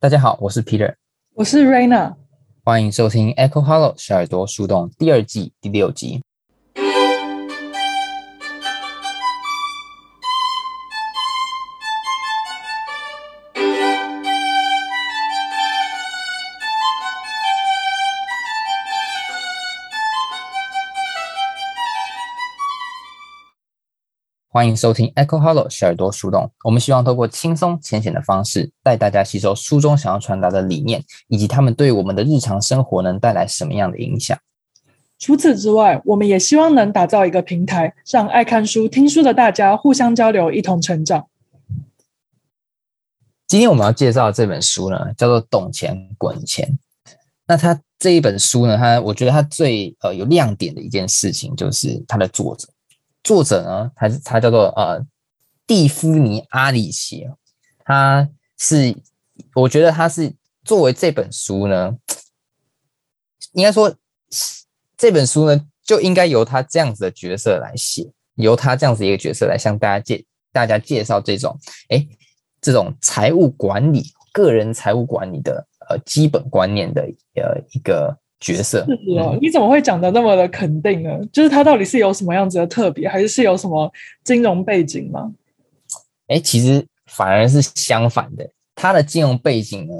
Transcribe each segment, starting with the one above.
大家好，我是 Peter，我是 Raina，歡迎收聽、e《Echo Hollow 小耳朵樹洞》第二季第六集。歡迎收聽、e《Echo Hollow》小耳朵樹洞。我們希望透過輕鬆淺顯的方式，帶大家吸收書中想要傳達的理念，以及他們對我們的日常生活能帶來什麼樣的影響。除此之外，我們也希望能打造一個平台，讓愛看書、聽書的大家互相交流，一同成長。今天我們要介紹的這本書呢，叫做《懂錢滾錢》。那他這一本書呢，他我覺得他最呃有亮點的一件事情，就是他的作者。作者呢，他是他叫做呃蒂芙尼阿里奇，他是我覺得他是作為這本書呢，應該說，這本書呢就應該由他這樣子的角色來寫，由他這樣子一個角色來向大家介大家介紹這種哎這種財務管理、個人財務管理的呃基本觀念的呃一個。角色是的。哦嗯、你怎麼會講的那麼的肯定呢？就是他到底是有什麼樣子的特別，還是是有什麼金融背景嗎？哎、欸，其實反而是相反的，他的金融背景呢，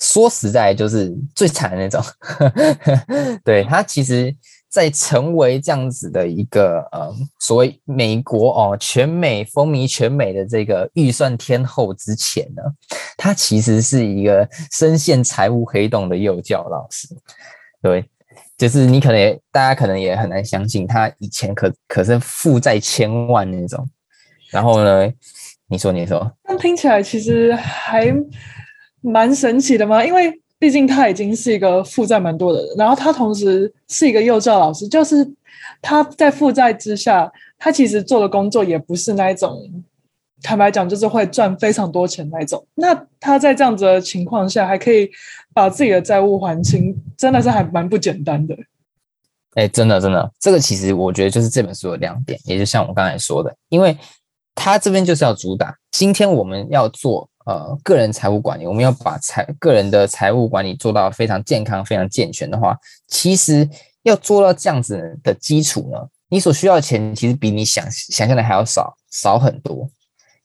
說實在就是最慘的那種。呵呵 對，他其實。在成為這樣子的一個呃所謂美國哦全美風靡全美的這個預算天后之前呢，他其實是一個深陷財務黑洞的幼教老師，對，就是你可能大家可能也很難相信，他以前可可是負債千萬那種，然後呢，你說就你說，那聽起來其實還蠻神奇的嘛，因為。畢竟他已經是一個負債蠻多的人，然後他同時是一個幼教老師，就是他在負債之下，他其實做的工作也不是那一種，坦白講，就是會賺非常多錢那一種。那他在這樣子的情況下，還可以把自己的債務還清，真的是還蠻不簡單的。哎，真的，真的，這個其實我覺得就是這本書的亮點，也就像我剛才說的，因為他這邊就是要主打，今天我們要做。呃，個人財務管理，我們要把財個人的財務管理做到非常健康、非常健全的話，其實要做到這樣子的基礎呢，你所需要的錢其實比你想想象的還要少，少很多。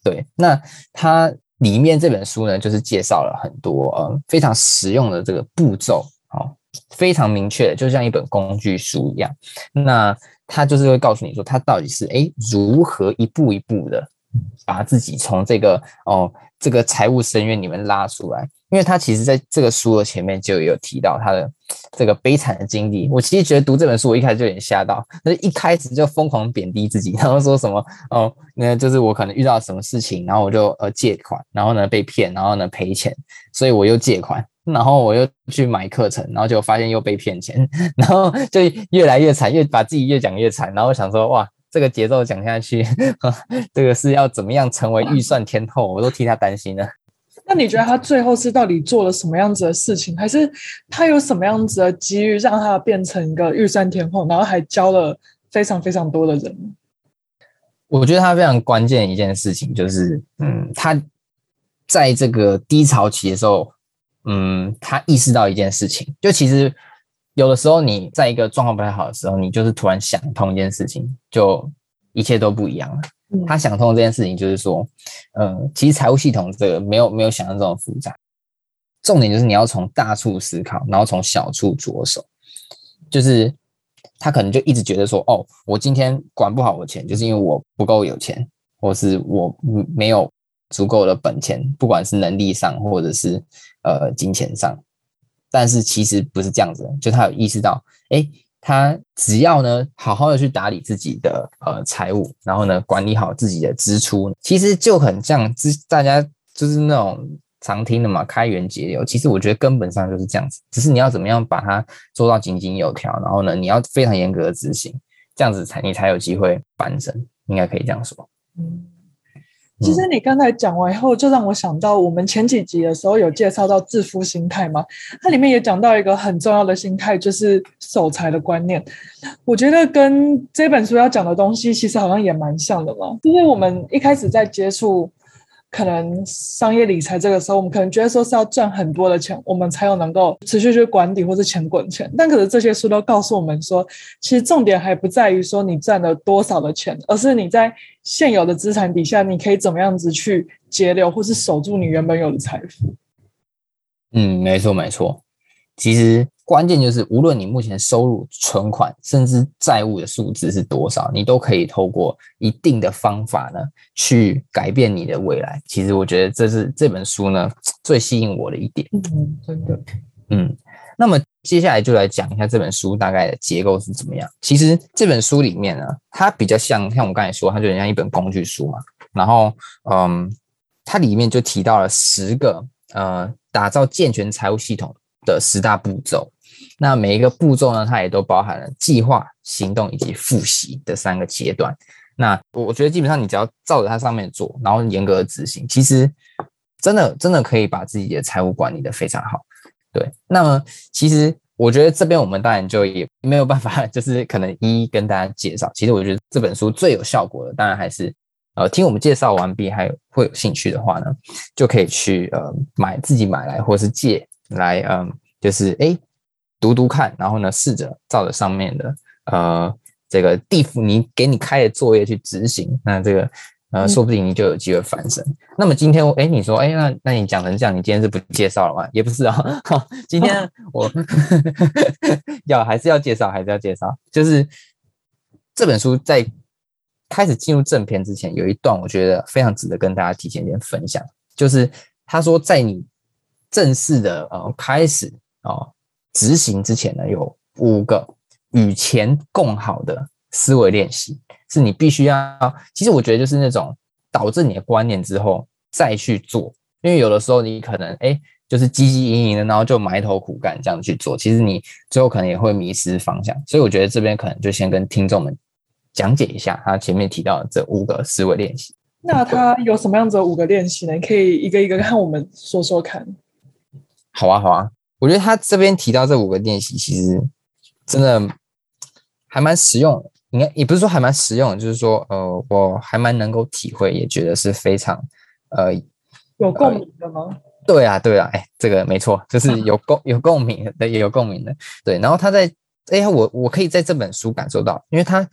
對，那它裡面這本書呢，就是介紹了很多呃非常實用的這個步驟，好、哦，非常明確，就像一本工具書一樣。那它就是會告訴你說，它到底是哎、欸如何一步一步的把自己從這個哦。這個財務深淵裡面拉出來。因為他其實在這個書的前面就有提到他的這個悲慘的經歷。我其實覺得讀這本書，我一開始就有點嚇到，那一開始就瘋狂貶低自己，然後說什麼哦，那就是我可能遇到什麼事情，然後我就呃借款，然後呢被騙，然後呢賠錢，所以我又借款，然後我又去買課程，然後就發現又被騙錢，然後就越來越慘，越把自己越講越慘，然後想說哇。這個節奏講下去呵，這個是要怎麼樣成為預算天后？我都替他擔心了。那你覺得他最後是到底做了什麼樣子的事情，還是他有什麼樣子的機遇讓他變成一個預算天後，然後還教了非常非常多的人？我覺得他非常關鍵的一件事情就是，是嗯，他在這個低潮期的時候，嗯，他意識到一件事情，就其實。有的時候，你在一個狀況不太好的時候，你就是突然想通一件事情，就一切都不一樣了。嗯、他想通的這件事情，就是說，嗯、呃，其實財務系統這個沒有沒有想象這麼複雜。重點就是你要從大處思考，然後從小處着手。就是他可能就一直覺得說，哦，我今天管不好我錢，就是因為我不夠有錢，或是我沒有足夠的本錢，不管是能力上，或者是呃金錢上。但是其實不是這樣子，就他有意識到，哎、欸，他只要呢好好的去打理自己的呃財務，然後呢管理好自己的支出，其實就很像之大家就是那種常聽的嘛，開源節流。其實我覺得根本上就是這樣子，只是你要怎麼樣把它做到井井有條，然後呢你要非常嚴格的執行，這樣子才你才有機會翻身，應該可以這樣說。嗯。其實你剛才講完以後，就讓我想到我們前幾集的時候有介紹到致富心態嘛，它裡面也講到一個很重要的心態，就是守財的觀念。我覺得跟這本書要講的東西，其實好像也蠻像的嘛，就是我們一開始在接觸。可能商業理財這個時候，我們可能覺得說是要賺很多的錢，我們才有能夠持續去管理或是錢滾錢。但可是這些書都告訴我們說，其實重點還不在於說你賺了多少的錢，而是你在現有的資產底下，你可以怎麼樣子去節流或是守住你原本有的財富。嗯，沒錯，沒錯，其實。關鍵就是，無論你目前收入、存款，甚至債務的數字是多少，你都可以透過一定的方法呢，去改變你的未來。其實我覺得這是這本書呢最吸引我的一點。嗯，真的。嗯，那麼接下來就來講一下這本書大概的結構是怎麼樣？其實這本書裡面呢，它比較像像我剛才說，它就很像一本工具書嘛。然後，嗯，它裡面就提到了十個呃，打造健全財務系統。的十大步驟，那每一個步驟呢，它也都包含了計劃、行動以及複習的三個階段。那我覺得基本上你只要照着它上面做，然後嚴格的執行，其實真的真的可以把自己的財務管理的非常好。對，那麼其實我覺得這邊我們當然就也沒有辦法，就是可能一一跟大家介紹。其實我覺得這本書最有效果的，當然還是呃，聽我們介紹完畢，還有，會有興趣的話呢，就可以去呃買自己買來，或是借。來，嗯，就是哎，讀讀看，然後呢，試着照着上面的，呃，這個蒂芙尼給你開的作業去執行，那這個，呃，說不定你就有機會翻身。嗯、那麼今天我，哎，你說，哎，那那你講成這樣，你今天是不介紹了嗎？也不是啊、哦，今天、啊、哦、我呵呵要還是要介紹，還是要介紹，就是這本書在開始進入正片之前，有一段我覺得非常值得跟大家提前點分享，就是他說在你正式的呃開始啊執行之前呢，有五個與錢共好的思維練習，是你必須要。其實我覺得就是那種導致你的觀念之後再去做，因為有的時候你可能哎、欸、就是汲汲營營的，然後就埋頭苦幹這樣去做，其實你最後可能也會迷失方向。所以我覺得這邊可能就先跟聽眾們講解一下他前面提到的這五個思維練習。那他有什麼樣子的五個練習呢？可以一個一個跟我們說說看。好啊，好啊，我覺得他這邊提到這五個練習，其實真的還蠻實用。應該也不是說還蠻實用，就是說，呃，我還蠻能夠體會，也覺得是非常，呃，有共鳴的嗎、呃？對啊，對啊，哎、欸，這個沒錯，就是有共，有共鳴的，也有共鳴的，對。然後他在，哎、欸、呀，我我可以在這本書感受到，因為他，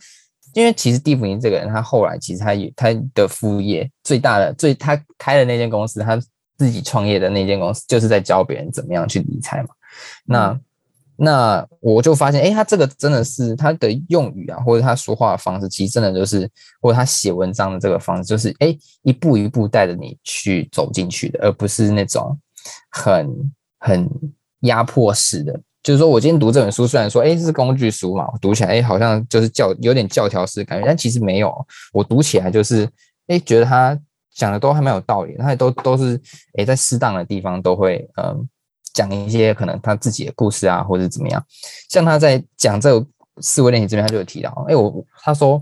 因為其實蒂芙尼這個人，他後來其實他他的副業最大的，最他開的那間公司，他。自己創業的那間公司，就是在教別人怎麼樣去理財嘛。那那我就發現，哎、欸，他這個真的是他的用語啊，或者他說話的方式，其實真的就是，或者他寫文章的這個方式，就是哎、欸，一步一步帶着你去走進去的，而不是那種很很壓迫式的。就是說我今天讀這本書，雖然說哎、欸，是工具書嘛，我讀起來哎、欸，好像就是教有點教條式感覺，但其實沒有，我讀起來就是哎、欸，覺得他。講的都還蠻有道理，他也都都是，誒，在適當的地方都會，嗯，講一些可能他自己的故事啊，或者怎麼樣。像他在講這個思維練習這邊，他就有提到，誒，我他說，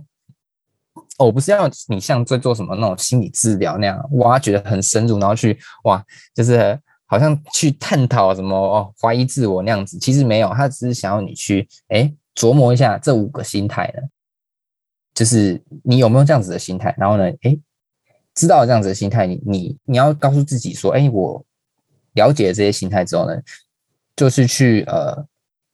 哦，我不是要你像在做什麼那種心理治療那樣，挖掘得很深入，然後去哇，就是好像去探討什麼哦，懷疑自我那樣子。其實沒有，他只是想要你去，誒，琢磨一下這五個心態呢，就是你有沒有這樣子的心態，然後呢，誒知道這樣子的心態，你你你要告訴自己說：“哎、欸，我了解了這些心態之後呢，就是去呃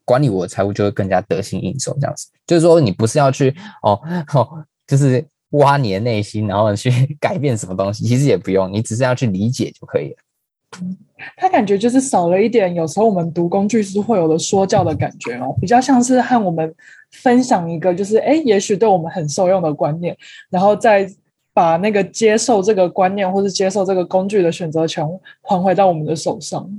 管理我的財務就會更加得心應手。”這樣子，就是說你不是要去哦哦，就是挖你的內心，然後去改變什麼東西，其實也不用，你只是要去理解就可以了。嗯、他感覺就是少了一點，有時候我們讀工具書會有的說教的感覺哦，比較像是和我們分享一個就是哎、欸，也許對我們很受用的觀念，然後再。把那個接受這個觀念，或是接受這個工具的選擇權，還回到我們的手上。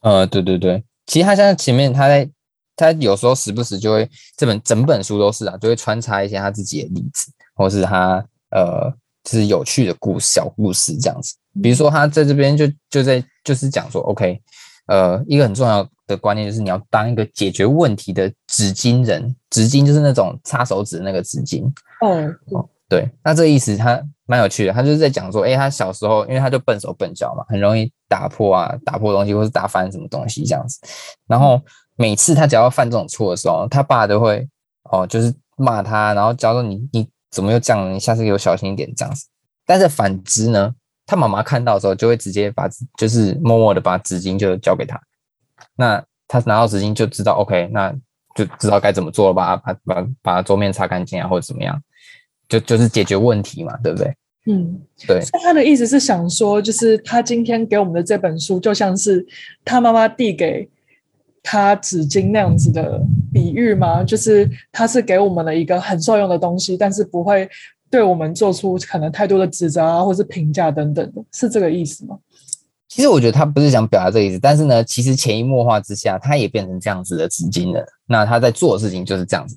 呃，對對對，其實他現在前面，他在他有時候時不時就會，這本整本書都是啊，就會穿插一些他自己的例子，或是他呃，就是有趣的故事，小故事這樣子。比如說他在這邊就就在就是講說，OK，呃，一個很重要的觀念就是你要當一個解決問題的紙巾人，紙巾就是那種擦手指的那個紙巾。哦、嗯。對，那這個意思他蠻有趣的，他就是在講說，誒，他小時候因為他就笨手笨腳嘛，很容易打破啊，打破東西，或是打翻什麼東西這樣子。然後每次他只要犯這種錯的時候，他爸都會哦，就是罵他，然後教說你你怎麼又這樣？你下次給我小心一點，這樣子。但是反之呢，他媽媽看到之後就會直接把，就是默默的把紙巾就交給他。那他拿到紙巾就知道 OK，那就知道該怎麼做了吧？把把把，把桌面擦乾淨啊，或者怎麼樣。就就是解決問題嘛，對不對？嗯，對。那他的意思是想說，就是他今天給我們的這本書，就像是他媽媽遞給他紙巾那樣子的比喻嗎？就是他是給我們了一個很受用的東西，但是不會對我們做出可能太多的指責啊，或是評價等等的，是這個意思嗎？其實我覺得他不是想表達這個意思，但是呢，其實潛移默化之下，他也變成這樣子的紙巾了。那他在做的事情就是這樣子。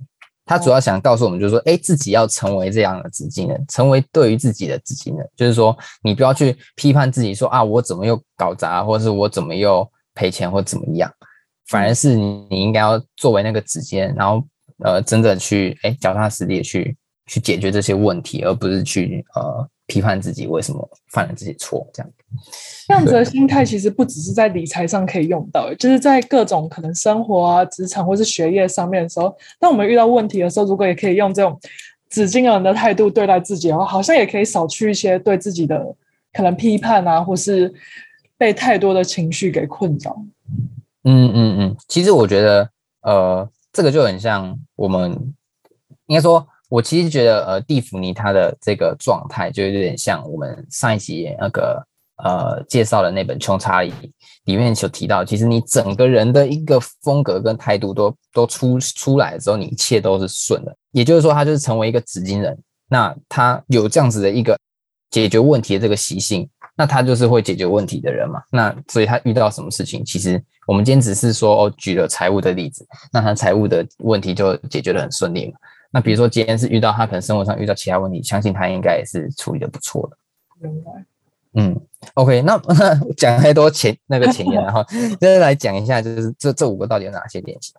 他主要想告訴我們，就是說，誒，自己要成為這樣的資金人，成為對於自己的資金人，就是說，你不要去批判自己說，說啊，我怎麼又搞砸，或者是我怎麼又賠錢，或怎麼樣，反而是你，你應該要作為那個資金，然後，呃，真的去，誒，腳踏實地去，去解決這些問題，而不是去，呃。批判自己為什麼犯了自己錯，這樣子的心態其實不只是在理財上可以用到，就是在各種可能生活啊、職場或是學業上面的時候，當我們遇到問題的時候，如果也可以用這種紙巾人的態度對待自己的話，好像也可以少去一些對自己的可能批判啊，或是被太多的情緒給困擾。嗯，嗯嗯嗯，其實我覺得呃，這個就很像我們應該說。我其實覺得，呃，蒂芙尼他的這個狀態就有點像我們上一集那個呃介紹的那本《窮查理》裡面所提到，其實你整個人的一個風格跟態度都都出出來的時候，你一切都是順的。也就是說，他就是成為一個紙巾人。那他有這樣子的一個解決問題的這個習性，那他就是會解決問題的人嘛。那所以他遇到什麼事情，其實我們今天只是說哦，舉了財務的例子，那他財務的問題就解決得很順利嘛。那比如說今天是遇到他可能生活上遇到其他問題，相信他應該也是處理的不錯的。明白。嗯，OK，那，那講太多前那個前面， 然後再來講一下，就是，就是這這五個到底有哪些練習？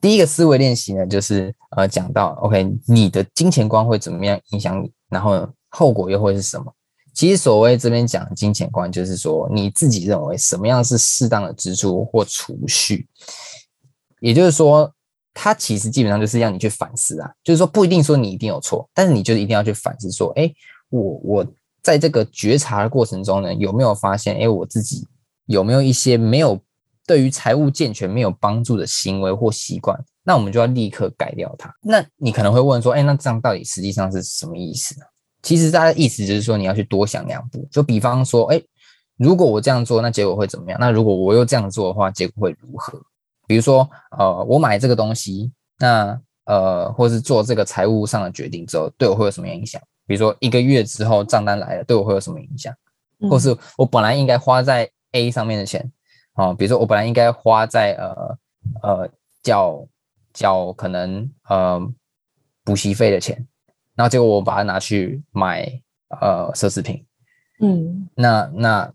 第一個思維練習呢，就是呃，講到 OK，你的金錢觀會怎麼樣影響你，然後呢後果又會是什麼？其實所謂這邊講的金錢觀，就是說你自己認為什麼樣是適當的支出或儲蓄，也就是說。它其實基本上就是讓你去反思啊，就是說不一定說你一定有錯，但是你就是一定要去反思說，哎，我我在這個覺察的過程中呢，有沒有發現，哎，我自己有沒有一些沒有對於財務健全沒有幫助的行為或習慣？那我們就要立刻改掉它。那你可能會問說，哎，那這樣到底實際上是什麼意思呢？其實它的意思就是說你要去多想兩步，就比方說，哎，如果我這樣做，那結果會怎麼樣？那如果我又這樣做的話，結果會如何？比如說，呃，我買這個東西，那呃，或是做這個財務上的決定之後，對我會有什麼影響？比如說一個月之後賬單來了，對我會有什麼影響？或是我本來應該花在 A 上面的錢，啊、呃，比如說我本來應該花在呃呃叫交可能呃補習費的錢，那結果我把它拿去買呃奢侈品，嗯，那那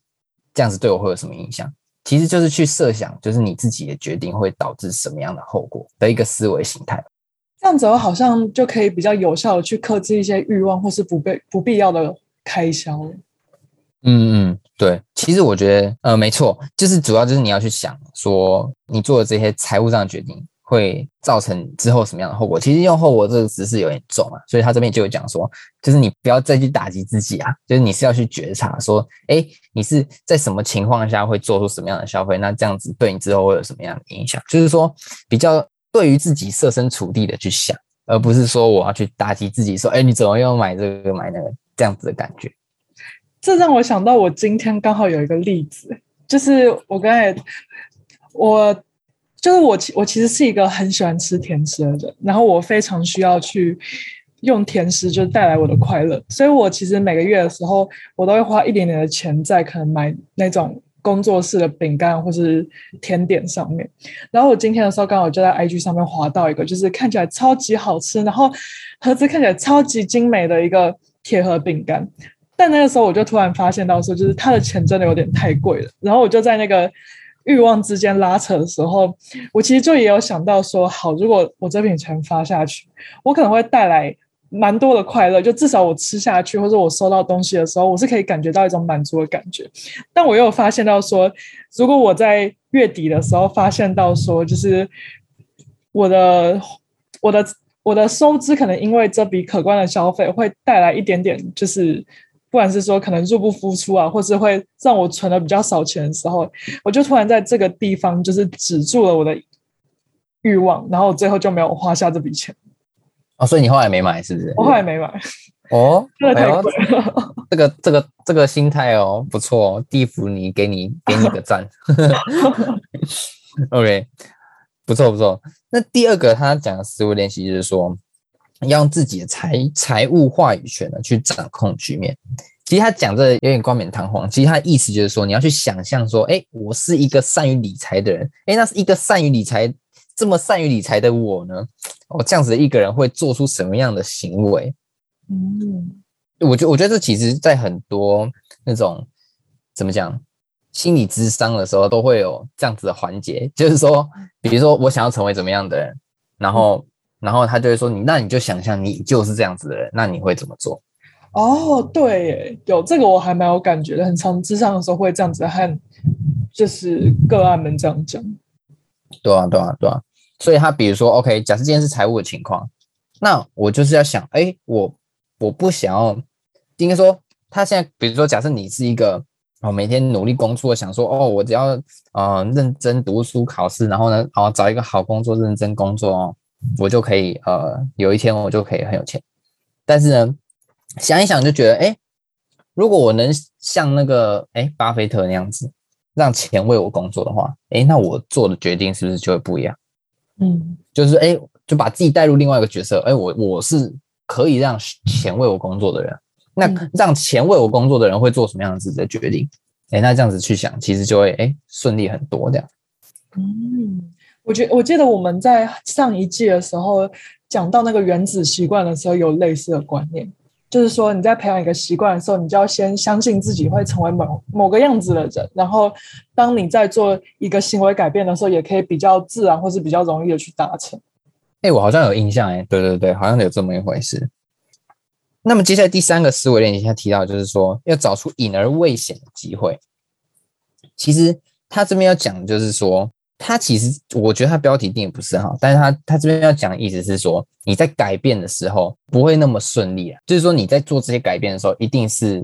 這樣子對我會有什麼影響？其實就是去設想，就是你自己的決定會導致什麼樣的後果的一個思維形態。這樣子好像就可以比較有效的去克制一些慾望，或是不被不必要的開銷。嗯嗯，對，其實我覺得，呃，沒錯，就是主要就是你要去想說，你做的這些財務上的決定。會造成之後什麼樣的後果？其實用後果這個詞是有點重啊，所以他這邊就有講說，就是你不要再去打擊自己啊，就是你是要去覺察說，哎，你是在什麼情況下會做出什麼樣的消費，那這樣子對你之後會有什麼樣的影響？就是說比較對於自己設身處地的去想，而不是說我要去打擊自己，說哎，你怎麼又買這個買那個這樣子的感覺。這讓我想到我今天剛好有一個例子，就是我剛才我。就是我其我其實是一個很喜歡吃甜食的人，然後我非常需要去用甜食就帶來我的快樂，所以我其實每個月的時候，我都會花一點點的錢在可能買那種工作室的餅乾或是甜點上面。然後我今天的時候剛好就在 IG 上面滑到一個，就是看起來超級好吃，然後盒子看起來超級精美的一個鐵盒餅乾。但那個時候我就突然發現到時候就是它的錢真的有點太貴了。然後我就在那個。欲望之間拉扯的時候，我其實就也有想到說，好，如果我這筆錢發下去，我可能會帶來蠻多的快樂，就至少我吃下去或者我收到東西的時候，我是可以感覺到一種滿足的感覺。但我又有發現到說，如果我在月底的時候發現到說，就是我的我的我的收支，可能因為這筆可觀的消費，會帶來一點點就是。不管是說可能入不敷出啊，或是會讓我存的比較少錢的時候，我就突然在這個地方就是止住了我的欲望，然後最後就沒有花下這筆錢。哦，所以你後來沒買是不是？我後來沒買。哦、哎，這個這個這個心態哦，不錯哦，地芙你給你給你個讚。 OK，不錯不錯。那第二個他講的思維練習就是說。要用自己的財財務話語權呢，去掌控局面。其實他講的有點冠冕堂皇，其實他的意思就是說，你要去想象說，哎、欸，我是一個善於理財的人，哎、欸，那是一個善於理財這麼善於理財的我呢，我、哦、這樣子的一個人會做出什麼樣的行為？嗯，我覺我覺得這其實，在很多那種怎麼講心理諮商的時候，都會有這樣子的環節，就是說，比如說我想要成為怎麼樣的人，然後。嗯然後他就會說你：“你那你就想象你就是這樣子的人，那你會怎麼做？”哦，oh, 對，有這個我還蠻有感覺的，很常諮商的時候會這樣子和就是個案們這樣講。對啊，對啊，對啊，所以他比如說，OK，假設今天是財務的情況，那我就是要想，哎，我我不想要，應該說他現在比如說，假設你是一個哦，每天努力工作，想說哦，我只要呃認真讀書考試，然後呢，好、哦、找一個好工作，認真工作哦。我就可以呃，有一天我就可以很有錢。但是呢，想一想就覺得，欸，如果我能像那個，欸，巴菲特那樣子，讓錢為我工作的話，欸，那我做的決定是不是就會不一樣？嗯，就是欸，就把自己帶入另外一個角色，欸，我我是可以讓錢為我工作的人。嗯。那讓錢為我工作的人會做什麼樣子的決定？欸，那這樣子去想，其實就會欸順利很多這樣。嗯。我覺我記得我們在上一季的時候講到那個原子習慣的時候，有類似的觀念，就是說你在培養一個習慣的時候，你就要先相信自己會成為某某個樣子的人，然後當你在做一個行為改變的時候，也可以比較自然或是比較容易的去達成。哎、欸，我好像有印象、欸，哎，對對對，好像有這麼一回事。那麼接下來第三個思維練習，他提到就是說要找出隱而未顯的機會。其實他這邊要講的就是說。他其實，我覺得他的標題定也不是好，但是他他這邊要講的意思是說，你在改變的時候不會那麼順利啊，就是說你在做這些改變的時候，一定是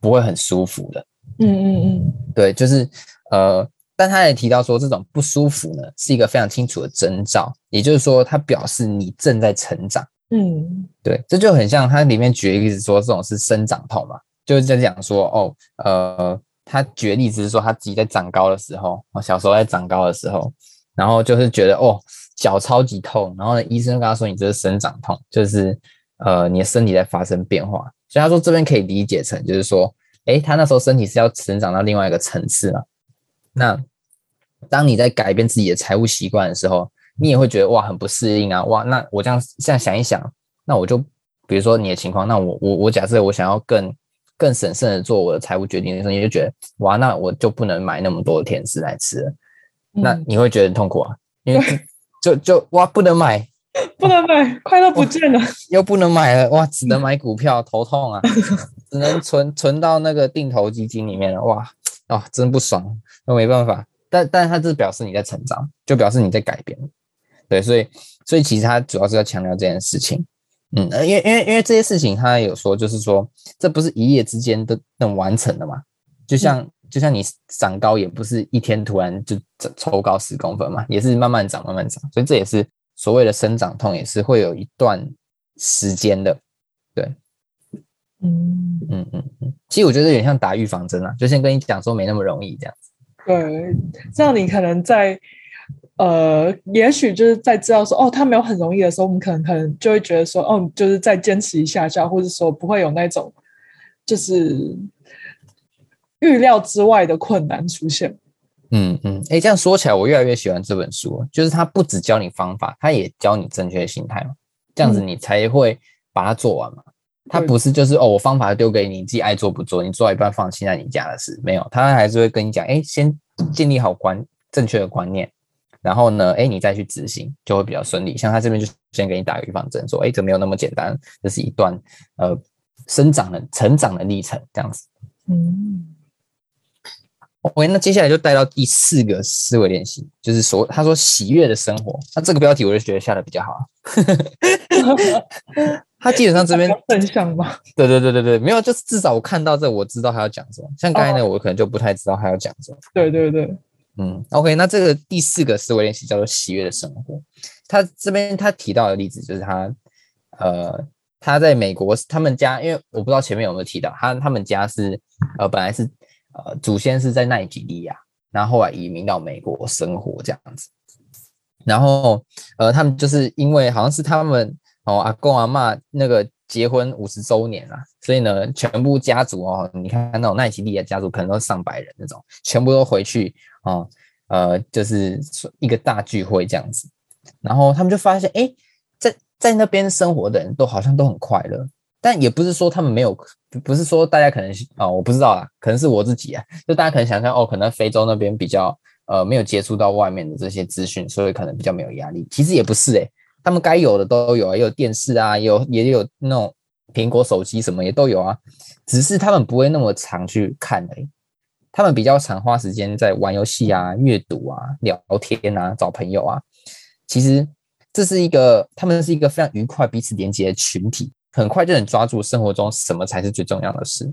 不會很舒服的。嗯嗯嗯，對，就是呃，但他也提到說，這種不舒服呢，是一個非常清楚的徵兆，也就是說，它表示你正在成長。嗯，對，這就很像他裡面舉例子說，這種是生長痛嘛，就是在講說，哦，呃。他舉例子是說，他自己在長高的時候，我小時候在長高的時候，然後就是覺得哦，腳超級痛，然後呢，醫生跟他說：“你這是生長痛，就是呃，你的身體在發生變化。”所以他說這邊可以理解成就是說，誒，他那時候身體是要成長到另外一個層次了。那當你在改變自己的財務習慣的時候，你也會覺得哇，很不適應啊，哇，那我這樣這樣想一想，那我就比如說你的情況，那我我我假設我想要更。更審慎的做我的財務決定的時候，你就覺得哇，那我就不能買那麼多的甜食來吃了。嗯、那你會覺得很痛苦啊，對因為就就，就哇，不能買，不能買，哇快樂不見了，又不能買了，哇，只能買股票，嗯、頭痛啊，只能存存到那個定投基金裡面了，哇，哦，真不爽，那沒辦法，但但它就是它這表示你在成長，就表示你在改變，對，所以所以其實它主要是要強調這件事情。嗯，因為因為因為這些事情，他有說，就是說，這不是一夜之間都能完成的嘛。就像、嗯、就像你長高，也不是一天突然就抽高十公分嘛，也是慢慢長，慢慢長。所以這也是所謂的生長痛，也是會有一段時間的。對，嗯嗯嗯嗯。其實我覺得有點像打預防針啊，就先跟你講說沒那麼容易這樣子。對，這樣你可能在。呃，也許就是在知道說哦，他沒有很容易的時候，我們可能可能就會覺得說哦，就是再堅持一下下，或者說不會有那種就是預料之外的困難出現。嗯嗯，哎、嗯欸，這樣說起來，我越來越喜歡這本書，就是他不只教你方法，他也教你正確的心態嘛，這樣子你才會把它做完嘛。他、嗯、不是就是哦，我方法丟給你，你自己愛做不做，你做一半放棄，那你家的事沒有，他還是會跟你講，哎、欸，先建立好觀正確的觀念。然後呢，哎，你再去執行就會比較順利。像他這邊就先給你打個預防針，說：“哎，這沒有那麼簡單，這是一段呃生長的、成長的歷程。”這樣子。嗯。喂，okay, 那接下來就帶到第四個思維練習，就是說，他說“喜悅的生活”，那這個標題我就覺得下得比較好。他基本上這邊很像吧？對對對對對，沒有，就至少我看到這，我知道他要講什麼。像剛才呢，哦、我可能就不太知道他要講什麼。對對對。嗯，OK，那這個第四個思維練習叫做喜悅的生活。他這邊他提到的例子就是他，呃，他在美國，他們家，因為我不知道前面有沒有提到，他他們家是呃，本來是呃，祖先是在奈及利亞，然後後來移民到美國生活這樣子。然後呃，他們就是因為好像是他們哦、呃、阿公阿嬤那個結婚五十周年啊，所以呢，全部家族哦，你看那種奈及利亞家族可能都上百人那種，全部都回去。啊、嗯，呃，就是一個大聚會這樣子，然後他們就發現，哎，在在那邊生活的人都好像都很快樂，但也不是說他們沒有，不是說大家可能啊、哦，我不知道啦，可能是我自己啊，就大家可能想象哦，可能非洲那邊比較呃沒有接觸到外面的這些資訊，所以可能比較沒有壓力。其實也不是誒、欸，他們該有的都有啊，也有電視啊，也有也有那種蘋果手機什麼也都有啊，只是他們不會那麼常去看而已、欸。他們比較常花時間在玩遊戲啊、閱讀啊、聊天啊、找朋友啊。其實這是一個他們是一個非常愉快、彼此連接的群體，很快就能抓住生活中什麼才是最重要的事。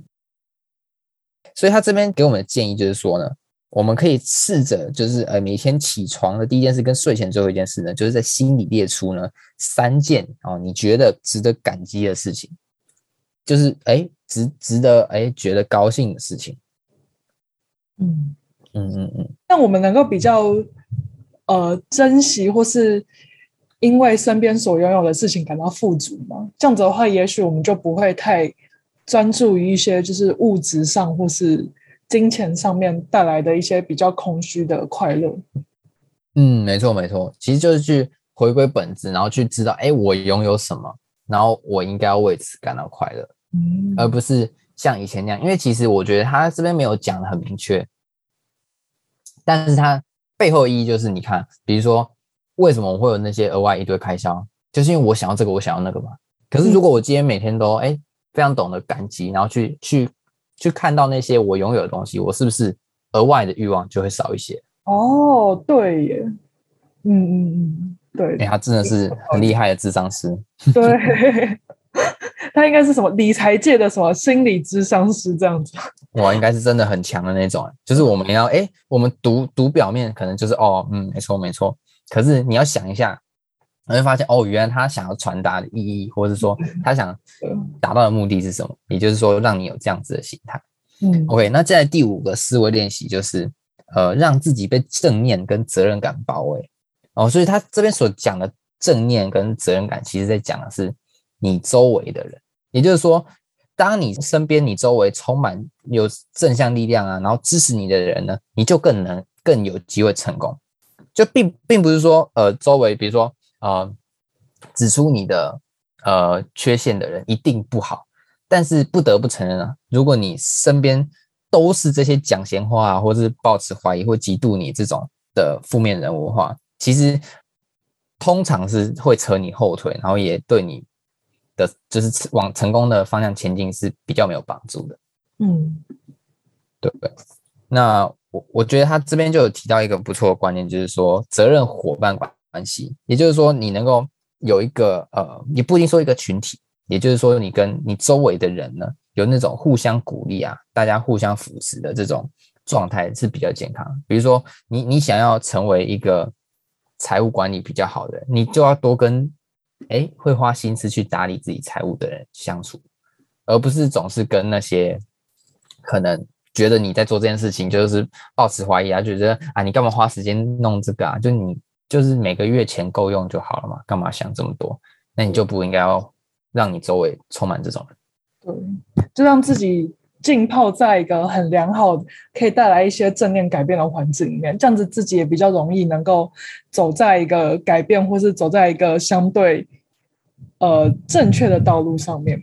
所以他這邊給我們的建議就是說呢，我們可以試着就是，呃，每天起床的第一件事跟睡前最後一件事呢，就是在心裡列出呢三件哦，你覺得值得感激的事情，就是誒，值值得誒，覺得高興的事情。嗯嗯嗯嗯，那我們能夠比較呃珍惜，或是因為身邊所擁有的事情感到富足嗎？這樣子的話，也許我們就不會太專注於一些就是物質上或是金錢上面帶來的一些比較空虛的快樂。嗯，沒錯沒錯，其實就是去回歸本質，然後去知道，哎、欸，我擁有什麼，然後我應該要為此感到快樂，嗯、而不是像以前那樣。因為其實我覺得他這邊沒有講得很明確。但是它背後的意義就是，你看，比如說，為什麼我會有那些額外一堆開銷？就是因為我想要這個，我想要那個嘛。可是如果我今天每天都哎、欸、非常懂得感激，然後去去去看到那些我擁有的東西，我是不是額外的慾望就會少一些？哦，對耶，嗯嗯嗯，對。哎、欸，他真的是很厲害的智商師。對。 他應該是什麼理財界的什麼心理諮商師這樣子？哇，應該是真的很強的那種。就是我們要哎、欸，我們讀讀表面可能就是哦，嗯，沒錯沒錯。可是你要想一下，你會發現哦，原來他想要傳達的意義，或是說他想達到的目的是什麼？嗯、也就是說，讓你有這樣子的心態。嗯，OK。那現在第五個思維練習就是呃，讓自己被正念跟責任感包圍。哦，所以他這邊所講的正念跟責任感，其實在講的是。你周圍的人，也就是說，當你身邊、你周圍充滿有正向力量啊，然後支持你的人呢，你就更能更有機會成功。就並並不是說，呃，周圍比如說啊、呃，指出你的呃缺陷的人一定不好，但是不得不承認啊，如果你身邊都是這些講閒話啊，或是抱持懷疑或嫉妒你這種的負面人物的話，其實通常是會扯你後腿，然後也對你。的就是往成功的方向前進是比較沒有幫助的，嗯，對不對？那我我覺得他這邊就有提到一個不錯的觀念，就是說責任夥伴關係，也就是說你能夠有一個呃，你不一定說一個群體，也就是說你跟你周圍的人呢有那種互相鼓勵啊，大家互相扶持的這種狀態是比較健康。比如說你你想要成為一個財務管理比較好的人，你就要多跟。哎，會花心思去打理自己財務的人相處，而不是總是跟那些可能覺得你在做這件事情就是抱持懷疑啊，覺得啊，你幹嘛花時間弄這個啊？就你就是每個月錢夠用就好了嘛，幹嘛想這麼多？那你就不應該要讓你周圍充滿這種人。對，就讓自己。浸泡在一個很良好的、可以帶來一些正面改變的環境裡面，這樣子自己也比較容易能夠走在一個改變，或是走在一個相對呃正確的道路上面。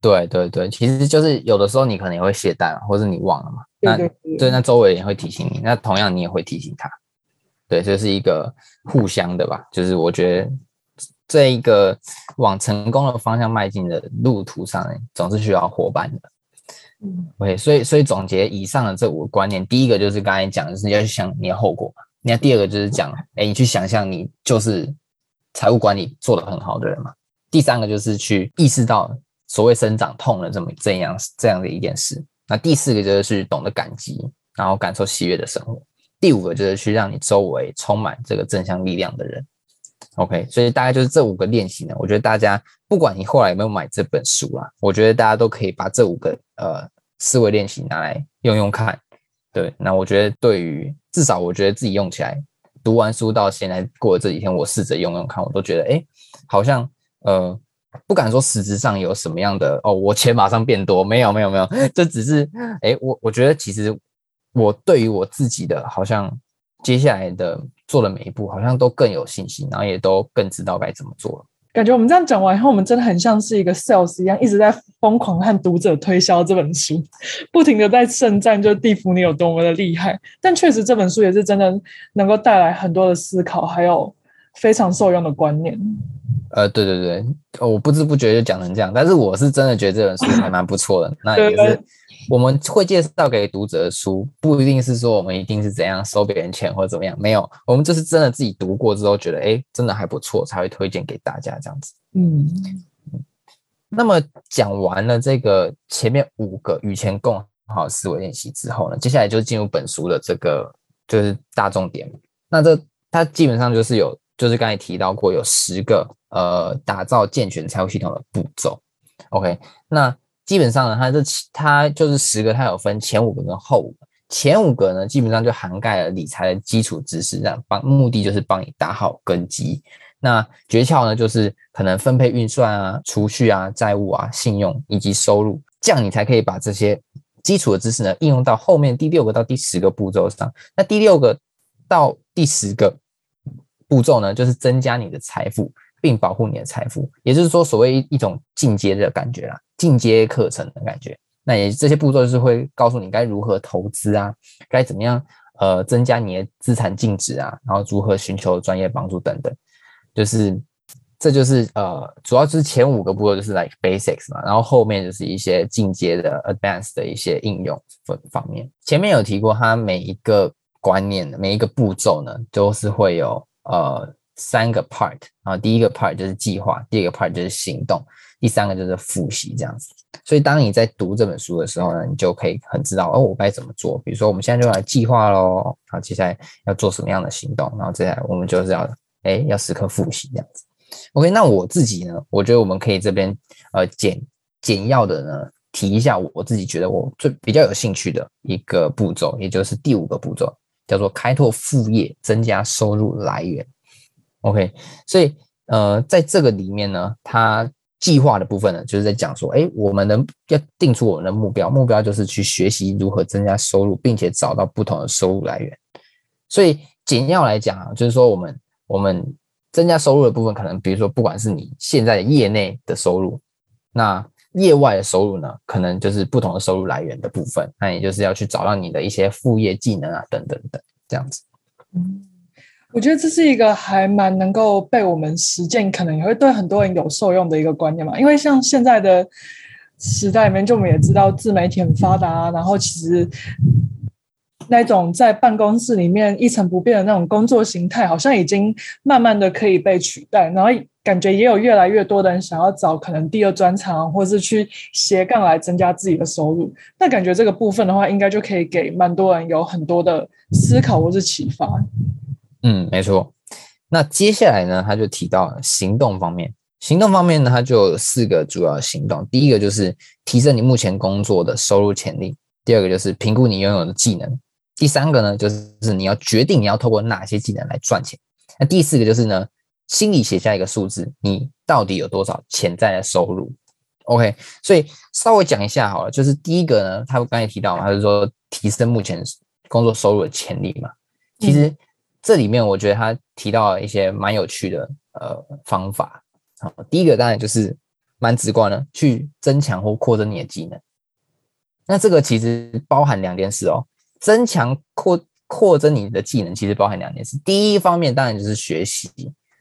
對對對，其實就是有的時候你可能也會懈怠，或是你忘了嘛。對對對那對，那周圍也會提醒你，那同樣你也會提醒他。對，這是一個互相的吧。就是我覺得這一個往成功的方向邁進的路途上，總是需要夥伴的。嗯，OK，所以所以總結以上的這五個觀念，第一個就是剛才講的是你要去想你的後果，那第二個就是講，哎，你去想象你就是財務管理做得很好的人嘛，第三個就是去意識到所謂生長痛的這麼這樣這樣的一件事，那第四個就是去懂得感激，然後感受喜悅的生活，第五個就是去讓你周圍充滿這個正向力量的人，OK，所以大概就是這五個練習呢，我覺得大家。不管你後來有沒有買這本書啊，我覺得大家都可以把這五個呃思維練習拿來用用看。對，那我覺得對於至少我覺得自己用起來，讀完書到現在過了這幾天，我試着用用看，我都覺得哎、欸，好像呃不敢說實質上有什麼樣的哦，我錢馬上變多，沒有沒有沒有，這只是哎、欸、我我覺得其實我對於我自己的好像接下來的做的每一步，好像都更有信心，然後也都更知道該怎麼做了。感覺我們這樣講完以後，我們真的很像是一個 sales 一樣，一直在瘋狂和讀者推銷這本書，不停的在盛讚，就蒂芙尼有多麼的厲害。但確實這本書也是真的能夠帶來很多的思考，還有非常受用的觀念。呃，對對對，我不知不覺就講成這樣，但是我是真的覺得這本書還蠻不錯的， 那也是。對我們會介紹給讀者的書，不一定是說我們一定是怎樣收別人錢或者怎麼樣，沒有，我們就是真的自己讀過之後覺得，哎，真的還不錯，才會推薦給大家這樣子。嗯，那麼講完了這個前面五個與錢共好的思維練習之後呢，接下來就進入本書的這個就是大重點。那這它基本上就是有，就是剛才提到過，有十個呃，打造健全財務系統的步驟。OK，那。基本上呢，它這它就是十個，它有分前五個跟後五個。前五個呢，基本上就涵蓋了理財的基礎知識，這樣幫目的就是幫你打好根基。那訣竅呢，就是可能分配運算啊、儲蓄啊、債務啊、債務啊、信用以及收入，這樣你才可以把這些基礎的知識呢應用到後面第六個到第十個步驟上。那第六個到第十個步驟呢，就是增加你的財富並保護你的財富，也就是說所，所謂一種進階的感覺啦。進階課程的感覺，那也這些步驟就是會告訴你該如何投資啊，該怎麼樣呃增加你的資產淨值啊，然後如何尋求專業幫助等等，就是這就是呃主要就是前五個步驟就是 like basics 嘛，然後後面就是一些進階的 advanced 的一些應用方方面。前面有提過，它每一個觀念每一個步驟呢都是會有呃三個 part，然後第一個 part 就是計劃，第二個 part 就是行動。第三個就是複習這樣子，所以當你在讀這本書的時候呢，你就可以很知道哦，我該怎麼做。比如說，我們現在就來計劃咯，好，接下來要做什麼樣的行動，然後接下來我們就是要哎，要時刻複習這樣子。OK，那我自己呢，我覺得我們可以這邊呃簡簡要的呢提一下我自己覺得我最比較有興趣的一個步驟，也就是第五個步驟，叫做開拓副業，增加收入來源。OK，所以呃，在這個裡面呢，它計劃的部分呢，就是在講說，哎，我們要定出我們的目標，目標就是去學習如何增加收入，並且找到不同的收入來源。所以簡要來講啊，就是說我們我們增加收入的部分，可能比如說不管是你現在的業內的收入，那業外的收入呢，可能就是不同的收入來源的部分，那也就是要去找到你的一些副業技能啊，等等等，這樣子。我覺得這是一個還蠻能夠被我們實踐，可能也會對很多人有受用的一個觀念嘛。因為像現在的時代裡面，就我們也知道自媒體很發達啊，然後其實那種在辦公室裡面一成不變的那種工作形態，好像已經慢慢的可以被取代。然後感覺也有越來越多的人想要找可能第二專長，或是去斜槓來增加自己的收入。那感覺這個部分的話，應該就可以給蠻多人有很多的思考或是啟發。嗯，沒錯。那接下來呢，他就提到行動方面。行動方面呢，他就有四個主要行動。第一個就是提升你目前工作的收入潛力。第二個就是評估你擁有的技能。第三個呢，就是你要決定你要透過哪些技能來賺錢。那第四個就是呢，心裡寫下一個數字，你到底有多少潛在的收入。OK，所以稍微講一下好了。就是第一個呢，他剛才提到嘛，他就說提升目前工作收入的潛力嘛，嗯、其實。這裡面我覺得他提到一些蠻有趣的呃方法。好，第一個當然就是蠻直觀的，去增強或擴增你的技能。那這個其實包含兩件事哦，增強擴擴增你的技能其實包含兩件事。第一方面當然就是學習，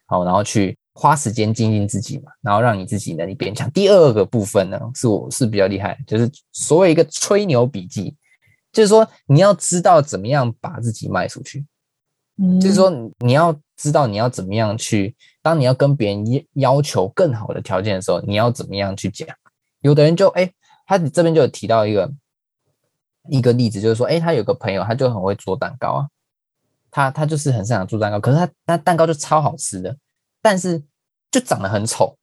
好，然後去花時間精進自己嘛，然後讓你自己能力變強。第二個部分呢，是我是比較厲害的，就是所謂一個吹牛筆記，就是說你要知道怎麼樣把自己賣出去。就是說，你要知道你要怎麼樣去。當你要跟別人要求更好的條件的時候，你要怎麼樣去講？有的人就哎、欸，他這邊就有提到一個一個例子，就是說，哎、欸，他有個朋友，他就很會做蛋糕啊。他他就是很擅長做蛋糕，可是他那蛋糕就超好吃的，但是就長得很醜，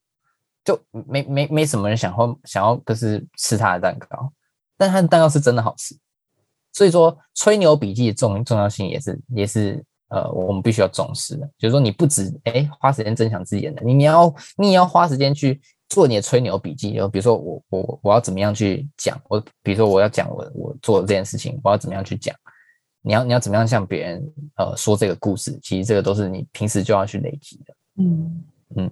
就沒沒沒什麼人想或想要，可是吃他的蛋糕。但他的蛋糕是真的好吃，所以說吹牛筆記的重重要性也是也是。呃，我們必須要重視的，就是說你只、欸，你不止哎花時間增強自己的能力，你你要你也要花時間去做你的吹牛筆記。比如說我，我我我要怎麼樣去講？我比如說我我，我要講我我做的這件事情，我要怎麼樣去講？你要你要怎麼樣向別人呃說這個故事？其實這個都是你平時就要去累積的。嗯嗯。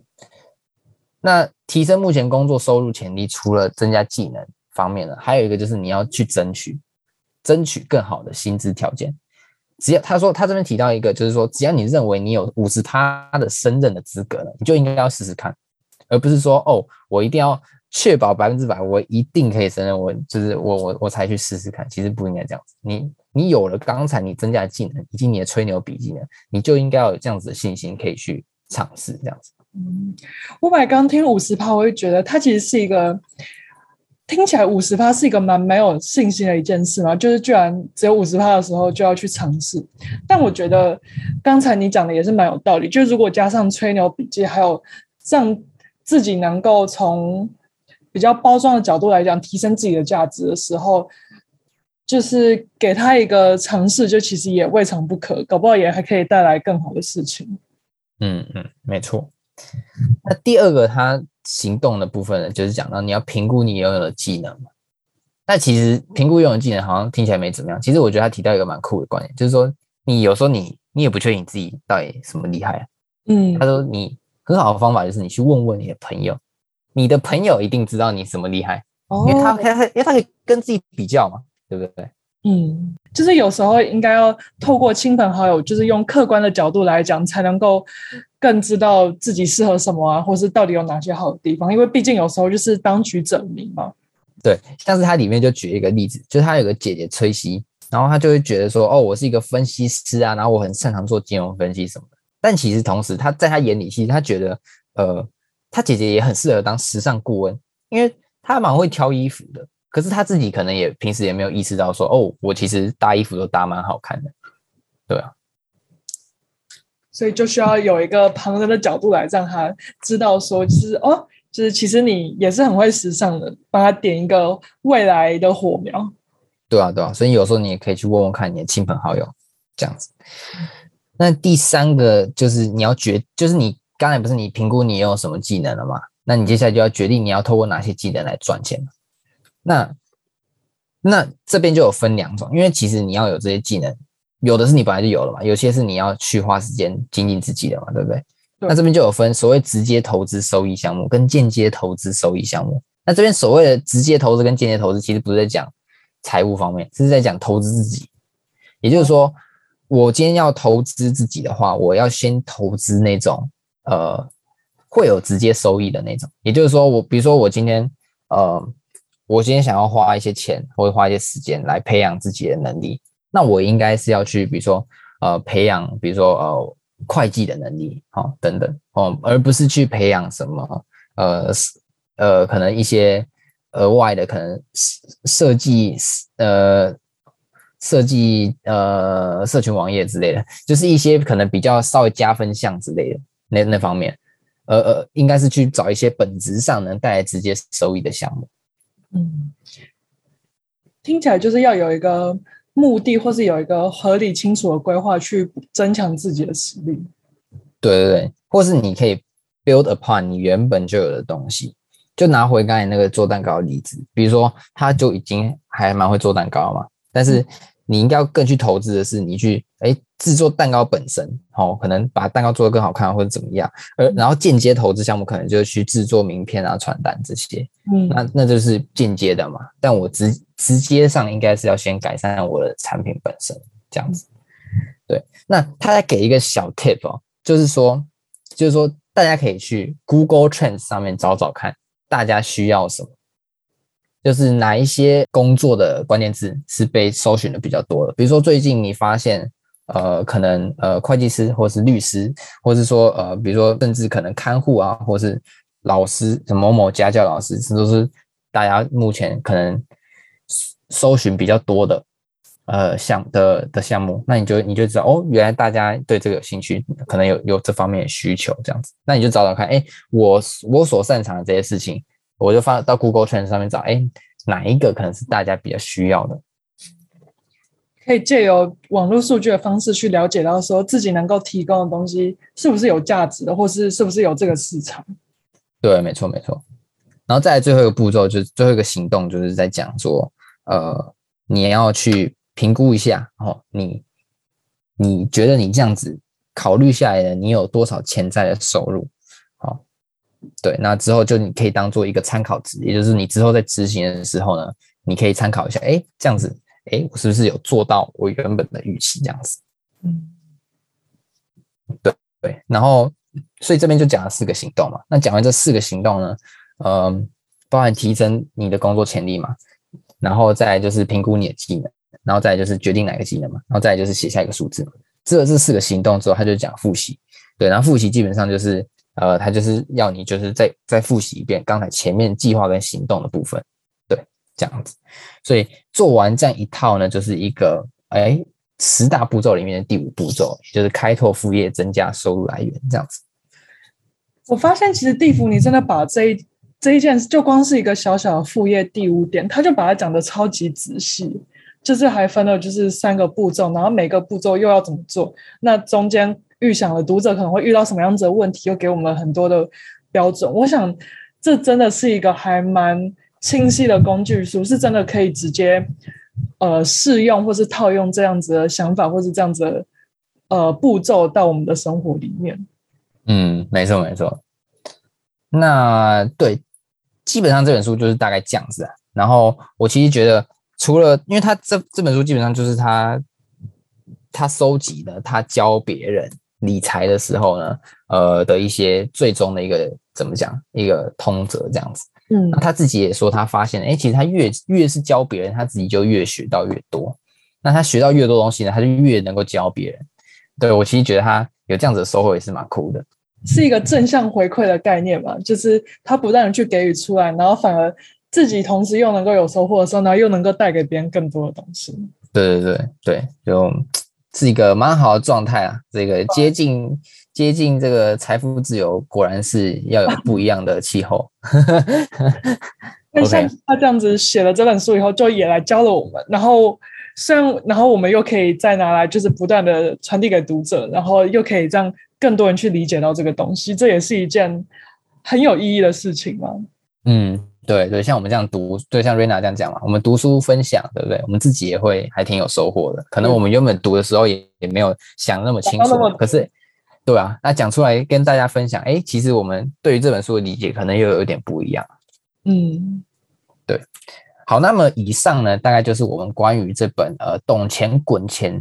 那提升目前工作收入潛力，除了增加技能方面的，還有一個就是你要去爭取，爭取更好的薪資條件。只要他說他這邊提到一個，就是說只要你認為你有五十趴的勝任的資格了，你就應該要試試看，而不是說哦，我一定要確保百分之百，我一定可以勝任，我就是我我我才去試試看。其實不應該這樣子，你你有了剛才你增加的技能以及你的吹牛逼技能，你就應該要有這樣子的信心，可以去嘗試這樣子。嗯，我買剛聽五十趴，我就覺得它其實是一個。聽起來五十趴是一個蠻沒有信心的一件事嘛，就是居然只有五十趴的時候就要去嘗試。但我覺得剛才你講的也是蠻有道理，就如果加上吹牛筆記，還有讓自己能夠從比較包裝的角度來講提升自己的價值的時候，就是給他一個嘗試，就其實也未嘗不可，搞不好也還可以帶來更好的事情。嗯嗯，沒錯。那第二個他。行動的部分呢，就是講到你要評估你擁有的技能。那其實評估擁有的技能好像聽起來沒怎麼樣。其實我覺得他提到一個蠻酷的觀點，就是說你有時候你你也不確定你自己到底什麼厲害啊。嗯，他說你很好的方法就是你去問問你的朋友，你的朋友一定知道你什麼厲害，哦。因為他他他因為他可以跟自己比較嘛，對不對？嗯，就是有時候應該要透過親朋好友，就是用客觀的角度來講，才能夠更知道自己適合什麼啊，或是到底有哪些好的地方。因為畢竟有時候就是當局者迷嘛。對，但是他裡面就舉一個例子，就是他有個姐姐崔西，然後他就會覺得說，哦，我是一個分析師啊，然後我很擅長做金融分析什麼的。但其實同時他在他眼裡，其實他覺得，呃，他姐姐也很適合當時尚顧問，因為她蠻會挑衣服的。可是他自己可能也平時也沒有意識到說，哦，我其實搭衣服都搭蠻好看的。對啊，所以就需要有一個旁人的角度來讓他知道說，就是，其實哦，就是其實你也是很會時尚的，幫他點一個未來的火苗。對啊，對啊，所以有時候你也可以去問問看你的親朋好友，這樣子。那第三個就是你要決，就是你剛才不是你評估你有什麼技能了嗎？那你接下來就要決定你要透過哪些技能來賺錢。那那這邊就有分兩種，因為其實你要有這些技能，有的是你本來就有了嘛，有些是你要去花時間精進自己的嘛，對不對？對。那這邊就有分所謂直接投資收益項目跟間接投資收益項目。那這邊所謂的直接投資跟間接投資，其實不是在講財務方面，這是在講投資自己。也就是說，我今天要投資自己的話，我要先投資那種呃會有直接收益的那種。也就是說我，我比如說我今天呃。我今天想要花一些錢或者花一些時間來培養自己的能力，那我應該是要去，比如說，呃，培養，比如說，呃，會計的能力，哦，等等，哦，而不是去培養什麼，呃，呃，可能一些額外的，可能設計，呃，設計，呃，社群網頁之類的，就是一些可能比較稍微加分項之類的那那方面，呃呃，應該是去找一些本質上能帶來直接收益的項目。嗯，聽起來就是要有一個目的，或是有一個合理清楚的規劃去增強自己的實力。對對對，或是你可以 build upon 你原本就有的東西，就拿回剛才那個做蛋糕的例子，比如說他就已經還蠻會做蛋糕嘛，但是，嗯。你應該要更去投資的是，你去哎制作蛋糕本身，好、哦，可能把蛋糕做得更好看或者怎麼樣，而然後間接投資項目可能就去制作名片啊、傳單這些，嗯，那那就是間接的嘛。但我直直接上應該是要先改善我的產品本身，這樣子。嗯、對，那他再給一個小 tip 哦，就是說，就是說大家可以去 Google Trends 上面找找看，大家需要什麼。就是哪一些工作的關鍵字是被搜尋的比較多的？比如說最近你發現，呃，可能呃，會計師或是律師，或是說呃，比如說甚至可能看護啊，或是老師，什麼某某家教老師，這都是大家目前可能搜尋比較多的呃項的的項目。那你就你就知道哦，原來大家對這個有興趣，可能有有這方面的需求這樣子。那你就找找看，哎、欸，我我所擅長的這些事情。我就發到 Google Trends 上面找，哎、欸，哪一個可能是大家比較需要的？可以借由網絡數據的方式去了解到，說自己能夠提供的東西是不是有價值的，或是是不是有這個市場？對，沒錯，沒錯。然後再來最後一個步驟，就是最後一個行動，就是在講說，呃，你要去評估一下，哦，你你覺得你這樣子考慮下來的，你有多少潛在的收入？對，那之後就你可以當做一個參考值，也就是你之後在執行的時候呢，你可以參考一下，哎、欸，這樣子，哎、欸，我是不是有做到我原本的預期？這樣子，嗯，對對，然後，所以這邊就講了四個行動嘛。那講完這四個行動呢，嗯、呃，包含提升你的工作潛力嘛，然後再來就是評估你的技能，然後再來就是決定哪個技能嘛，然後再來就是寫下一個數字。這這四個行動之後，他就講複習，對，然後複習基本上就是。呃，他就是要你就是再再、再複習一遍剛才前面計劃跟行動的部分，對，這樣子。所以做完這樣一套呢，就是一個哎十大步驟裡面的第五步驟，就是開拓副業，增加收入來源這樣子。我發現其實蒂芙尼真的把這一這一件事就光是一個小小的副業第五點，他就把它講得超級仔細，就是還分了就是三個步驟，然後每個步驟又要怎麼做，那中間。預想了讀者可能會遇到什麼樣子的問題，又給我們很多的標準。我想，這真的是一個還蠻清晰的工具書，是真的可以直接呃試用，或是套用這樣子的想法，或是這樣子的呃步驟到我們的生活裡面。嗯，沒錯沒錯。那對，基本上這本書就是大概這樣子啊。然後我其實覺得，除了因為他這這本書基本上就是他他收集的，他教別人。理財的時候呢，呃的一些最終的一個怎麼講一個通則這樣子，嗯，那他自己也說他發現，哎、欸，其實他越越是教別人，他自己就越學到越多。那他學到越多東西呢，他就越能夠教別人。對，我其實覺得他有這樣子的收穫也是蠻酷的，是一個正向回饋的概念嘛，就是他不斷地去給予出來，然後反而自己同時又能夠有收穫的時候，然後又能夠帶給別人更多的東西。對對對對，對就。是一個蠻好的狀態啊，這個接近哇接近這個財富自由，果然是要有不一樣的氣候。但 像他這樣子寫了這本書以後，就也來教了我們。然後雖然，然後我們又可以再拿來，就是不斷的傳遞給讀者，然後又可以讓更多人去理解到這個東西，這也是一件很有意義的事情啊。嗯。對對，像我們這樣讀，就像 Rena 這樣講嘛，我們讀書分享，對不對？我們自己也會還挺有收穫的。可能我們原本讀的時候也也沒有想那麼清楚，嗯、可是，對吧、啊？那講出來跟大家分享，哎，其實我們對於這本書的理解可能又有點不一樣。嗯，對。好，那麼以上呢，大概就是我們關於這本呃《懂錢滾錢》。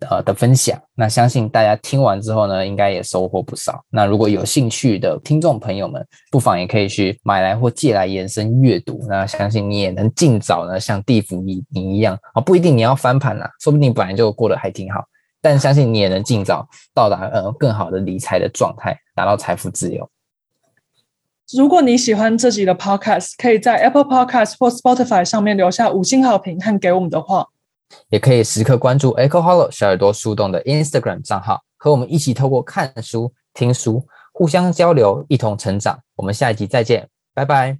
呃的分享，那相信大家聽完之後呢，應該也收穫不少。那如果有興趣的聽眾朋友們，不妨也可以去買來或借來延伸閱讀。那相信你也能儘早呢，像蒂芙尼尼一樣啊、哦，不一定你要翻盤啦、啊，說不定本來就過得還挺好。但相信你也能儘早到達呃更好的理財的狀態，達到財富自由。如果你喜歡這集的 Podcast，可以在 Apple Podcast 或 Spotify 上面留下五星好評和給我們的話。也可以時刻關注 Echo Hollow 小耳朵樹洞的 Instagram 賬號，和我們一起透過看書、聽書，互相交流，一同成長。我們下一集再見，拜拜。